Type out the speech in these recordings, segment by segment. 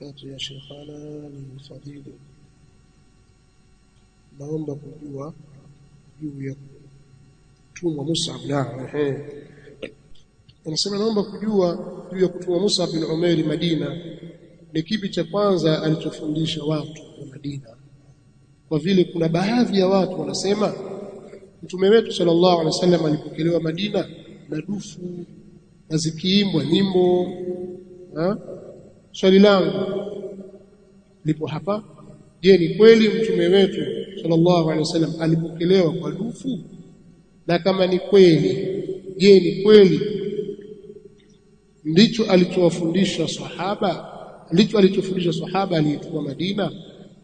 barakatu ya shekhana ni fadhili, naomba kujua juu ya kutumwa Mus'ab. anasema naomba kujua juu ya kutumwa musa bin Umairi Madina, ni kipi cha kwanza alichofundisha watu wa Madina? Kwa vile kuna baadhi ya watu wanasema mtume wetu sallallahu alaihi wasallam alipokelewa Madina na dufu na zikiimbwa nyimbo Swali langu lipo hapa. Je, ni kweli mtume wetu sallallahu alaihi wasallam alipokelewa kwa dufu? Na kama ni kweli, je, ni kweli ndicho alichowafundisha sahaba, ndicho alichofundisha sahaba aliyetoka Madina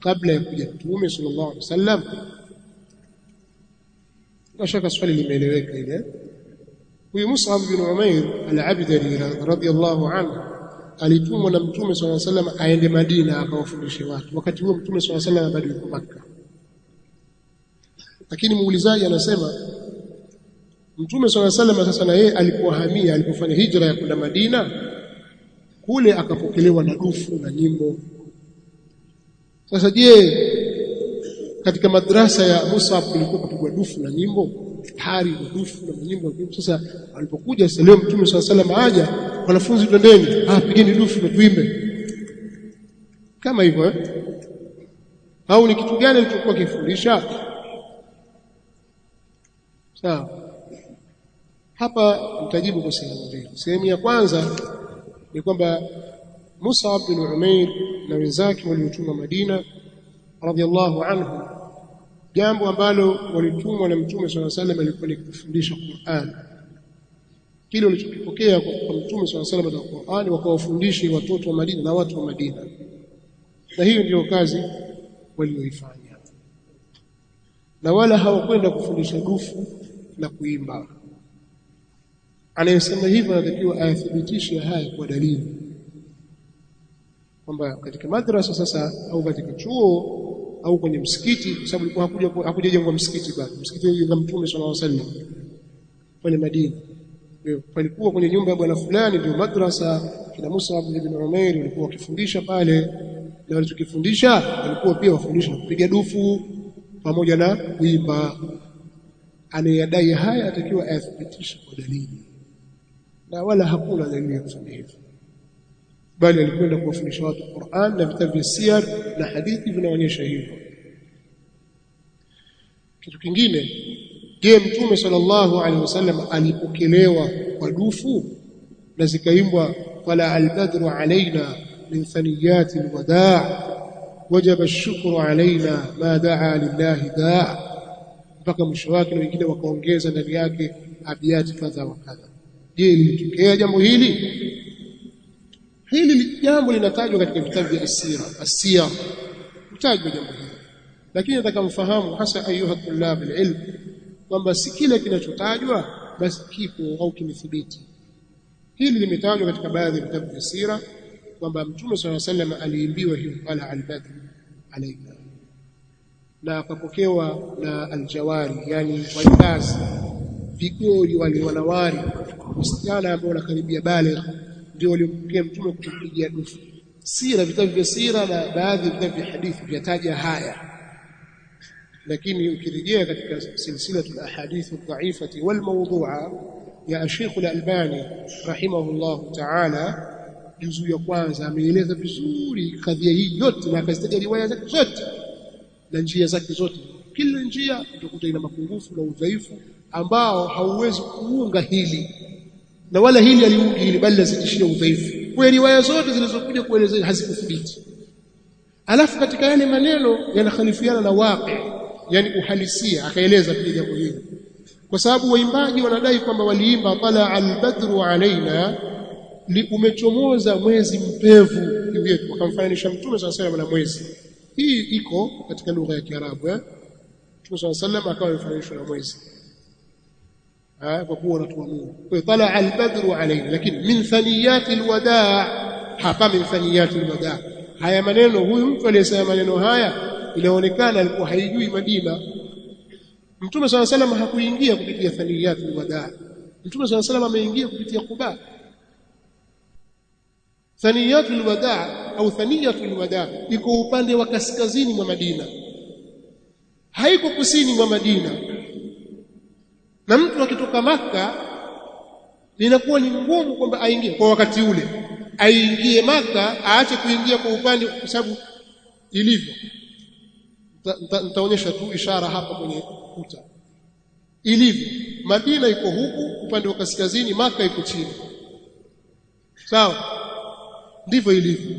kabla ya kuja mtume sallallahu alaihi wasallam? Bila shaka swali limeeleweka ile. Eh? Huyu Musa bin Umair al-Abdari radhiyallahu anhu alitumwa na Mtume swalla salam aende Madina akawafundishe watu. Wakati huo Mtume swalla salam bado yuko Makka. Lakini muulizaji anasema Mtume swalla salam sasa na yeye alipohamia, alipofanya hijra ya kwenda Madina, kule akapokelewa na dufu na nyimbo. Sasa je, katika madrasa ya Musab kulikuwa kupigwa dufu na nyimbo? hari dufu na nyimbo. Sasa alipokuja sasa, leo Mtume sala salam aja, wanafunzi twendeni, ah, pigeni dufu na tuimbe kama hivyo eh? Au ni kitu gani alichokuwa kifundisha? Sawa, hapa nitajibu kwa sehemu mbili. Sehemu ya kwanza ni kwamba musa bin Umair na wenzake waliotumwa Madina radhiallahu anhu jambo ambalo walitumwa na mtume swalla salam alikuwa ni kufundisha Qur'an kile walichokipokea kwa mtume swalla salam na Qur'an wakawafundishe watoto wa Madina na watu wa Madina na hiyo ndio kazi walioifanya na wala hawakwenda kufundisha dufu na kuimba anayesema hivyo anatakiwa ayathibitishe haya kwa dalili kwamba katika madrasa sasa au katika chuo au kwenye msikiti, kwa sababu ilikuwa hakuja hakujajengwa msikiti bado. Msikiti wa Mtume sallallahu alaihi wasallam pale Madina, palikuwa kwenye nyumba ya bwana fulani, ndio madrasa. Kina Musa ibn Umair walikuwa wakifundisha pale, na walichokifundisha walikuwa pia wafundisha kupiga dufu pamoja na kuimba. Anayedai haya atakiwa athibitishe kwa dalili, na wala hakuna dalili ya kusema hivyo bali alikwenda kuwafundisha watu Qur'an na vitabu vya siyar na hadithi vinaonyesha hivyo. Kitu kingine, je, Mtume sallallahu alaihi wasallam alipokelewa kwa dufu na zikaimbwa fala albadru alaina min thaniyati alwadaa wajaba ashkuru alaina ma daa lillahi daa, mpaka mwisho wake, na wengine wakaongeza ndani yake abiati kadha wa kadha. Je, lilitokea jambo hili? hili jambo linatajwa katika vitabu vya asira asia kutajwa jambo hili lakini nataka mfahamu hasa ayuha tulab alilm kwamba si kile kinachotajwa basi kipo au kimethibiti hili limetajwa katika baadhi ya vitabu vya sira kwamba mtume swalla sallam aliimbiwa hiyo qala albadr alaina na akapokewa na aljawari yani wazazi vigori wale wanawari wasichana ambao wanakaribia baligh ndio waliomtumia mtume kumpigia dufu. Sira, vitabu vya sira na baadhi ya vitabu vya hadithi vyataja haya, lakini ukirejea katika silsilatu lahadithu dhaifati walmaudhua ya Ashekhu Lalbani rahimahullahu taala, juzu ya kwanza ameeleza vizuri kadhia hii yote na akazitaja riwaya zake zote na njia zake zote. Kila njia utakuta ina mapungufu na udhaifu ambao hauwezi kuunga hili na wala hili aliuji bali lazidishia udhaifu. Kwa riwaya zote zinazokuja kuelezea hazikuthibiti. Alafu katika yale maneno yanakhalifiana na waqi, yani uhalisia, akaeleza pia jambo hili, kwa sababu waimbaji wanadai kwamba waliimba tala albadru alaina, li umechomoza mwezi mpevu juu yetu, wakamfananisha Mtume swalla salam na mwezi. Hii iko katika lugha ya Kiarabu eh? Mtume swalla salam akawa amefananishwa na mwezi kwa kuwa unatuamua. Kwa hiyo tala albadru alaina, lakini min thaniyati alwadaa hapa, min thaniyati alwadaa. Haya maneno, huyu mtu aliyesema maneno haya, inaonekana alikuwa haijui Madina. Mtume swalla sallam hakuingia kupitia thaniyati alwadaa. Mtume swalla sallam ameingia kupitia Quba. Thaniyatu alwadaa au thaniyatu alwadaa iko upande wa kaskazini mwa Madina, haiko kusini mwa Madina na mtu akitoka Maka linakuwa ni ngumu kwamba aingie kwa wakati ule, aingie Maka, aache kuingia kwa upande, kwa sababu ilivyo. Nitaonyesha tu ishara hapa kwenye kuta ilivyo. Madina iko huku upande wa kaskazini, Maka iko chini, sawa? Ndivyo ilivyo.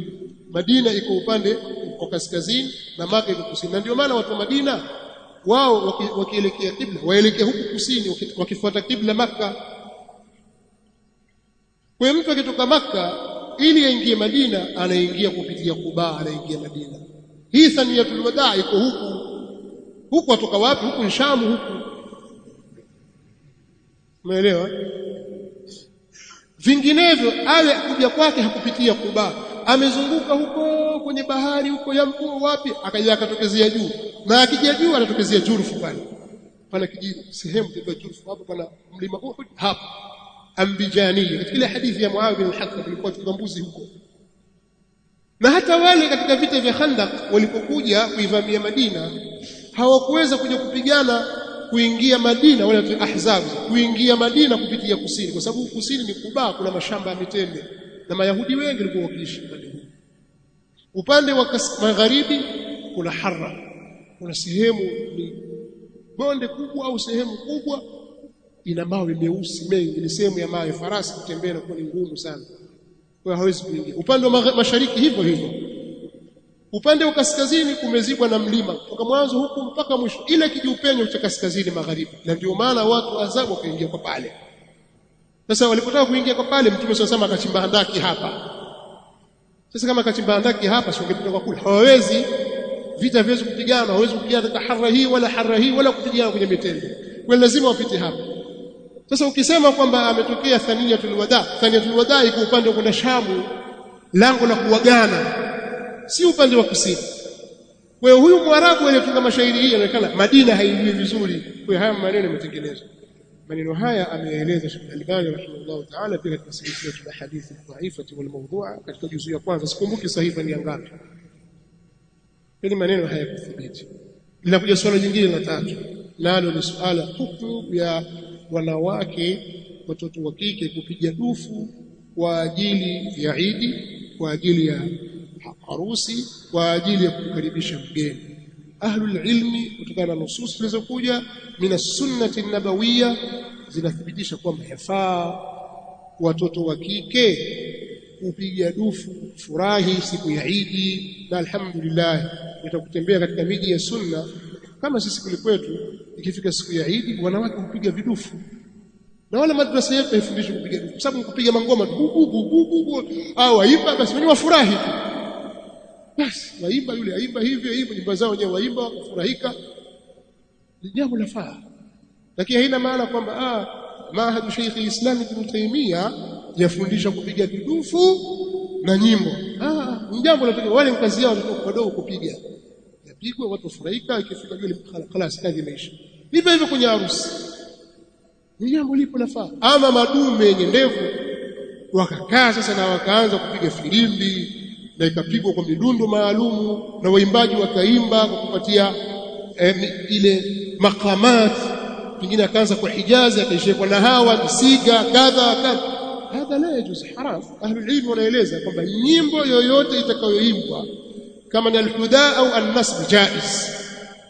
Madina iko upande wa kaskazini na Maka iko kusini, na ndio maana watu wa Madina wao wakielekea kibla waelekea huku kusini wakifuata kibla Makka kwa mtu akitoka Makka ili aingie Madina anaingia kupitia Kuba anaingia Madina hii saniyatul wadaa iko huku huku atoka wapi huku Shamu huku umeelewa vinginevyo awe kuja kwake hakupitia Kuba amezunguka huko kwenye bahari huko ya mkuu wapi, akaja akatokezea juu, na akija juu anatokezea Jurufu pale pale kijiji sehemu ya Jurufu hapo pana mlima Uhud hapo ambijani, katika ile hadithi ya Muawiya bin al-Hakam ilikuwa tuka huko. Na hata wale katika vita vya Khandaq walipokuja kuivamia Madina hawakuweza kuja kupigana kuingia Madina, wale watu Ahzab kuingia Madina kupitia kusini, kwa sababu kusini ni Kubaa, kuna mashamba ya mitende na Mayahudi wengi walikuwa wakiishi upande huu. Upande wa magharibi kuna Harra, kuna sehemu ni bonde kubwa au sehemu kubwa ina mawe meusi mengi, ni sehemu ya mawe, farasi kutembea inakuwa ni ngumu sana, kwa hiyo hawezi kuingia. Upande wa mashariki hivyo hivyo. Upande wa kaskazini kumezibwa na mlima kutoka mwanzo huku mpaka mwisho, ile kijiupenyo cha kaskazini magharibi, na ndio maana watu wa azabu wakaingia kwa pale. Sasa walipotaka kuingia kwa pale, Mtume sasa sema akachimba handaki hapa. Sasa kama akachimba handaki hapa, si ungepita kwa kule? Hawawezi vita, hawezi kupigana, hawezi kupigana katika hara hii wala hara hii wala kupigana kwenye mitende, kwa lazima wapite hapa. Sasa ukisema kwamba ametokea thaniyatul wada, thaniyatul wada iko upande wa kwenda Shamu, lango la kuwagana, si upande wa kusini. Kwa hiyo huyu Mwarabu aliyetunga mashairi hii anaonekana Madina haijui vizuri, kwa hiyo haya maneno yametengenezwa maneno haya ameeleza Sheikh Al-Albani rahimahullah ta'ala pia katika silsila ya hadithi dhaifa wal mawdhu'a katika juzu ya kwanza, sikumbuki sahifa ni ngapi. Ili yaani maneno haya kuthibiti, linakuja swala jingine la tatu, nalo ni suala hukumu ya wanawake watoto wa kike kupiga dufu kwa ajili ya Idi, kwa ajili ya harusi, kwa ajili ya kukaribisha mgeni ahlulilmi kutokana na nususi zilizokuja min sunnati nabawia zinathibitisha kwamba yafaa watoto wa kike kupiga dufu furahi siku ya Idi, na alhamdulillah itakutembea katika miji ya sunna kama sisi kule kwetu, ikifika siku ya Idi wanawake hupiga vidufu na wala madrasa yetu haifundishi kupiga dufu, sababu kupiga mangoma tu au waimba basi wenyewe wafurahi tu basi waimba yule aimba hivyo hivyo nyimbo zao wenyewe waimba wakafurahika ni jambo la faa. lakini haina maana kwamba ah mahadu Sheikh Islam Ibn Taymiyyah yafundisha kupiga kidufu na nyimbo ah ni jambo la wale kazi yao watoto wadogo kupiga yapigwe watu furahika ikifika yule khalas kazi imeisha Hivyo hivyo kwenye harusi ni jambo lipo la faa. ama madume yenye ndevu wakakaa sasa na wakaanza kupiga filimbi na ikapigwa kwa midundo maalumu na waimbaji wakaimba kwa kupatia eh, ile maqamat, pengine akaanza kwa Hijazi akaishia kwa Nahawa, Kisiga, kadha kadha. Hadha la yajuz, haram. Ahlulilmu wanaeleza kwamba nyimbo yoyote itakayoimbwa kama ni alhuda au alnasb jaiz,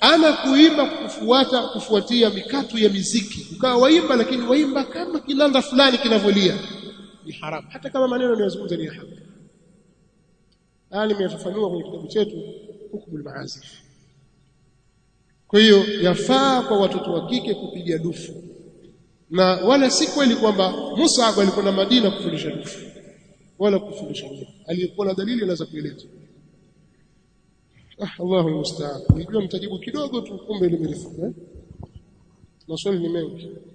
ama kuimba kufuata kufuatia mikatu ya miziki, ukawa waimba lakini waimba kama kilanda fulani kinavyolia, ni haram, hata kama maneno yanayozungumza ni haram alim yafafanua kwenye kitabu chetu hukmul maazif. Kwa hiyo yafaa kwa watoto wa kike kupiga dufu, na wala si kweli kwamba Mus'ab alikwenda Madina kufundisha dufu wala kufundisha nini, alikuwa na dalili anaweza kueleza. Ah, Allahu musta'an. Nijua mtajibu kidogo tu, kumbe eh? Maswali ni mengi.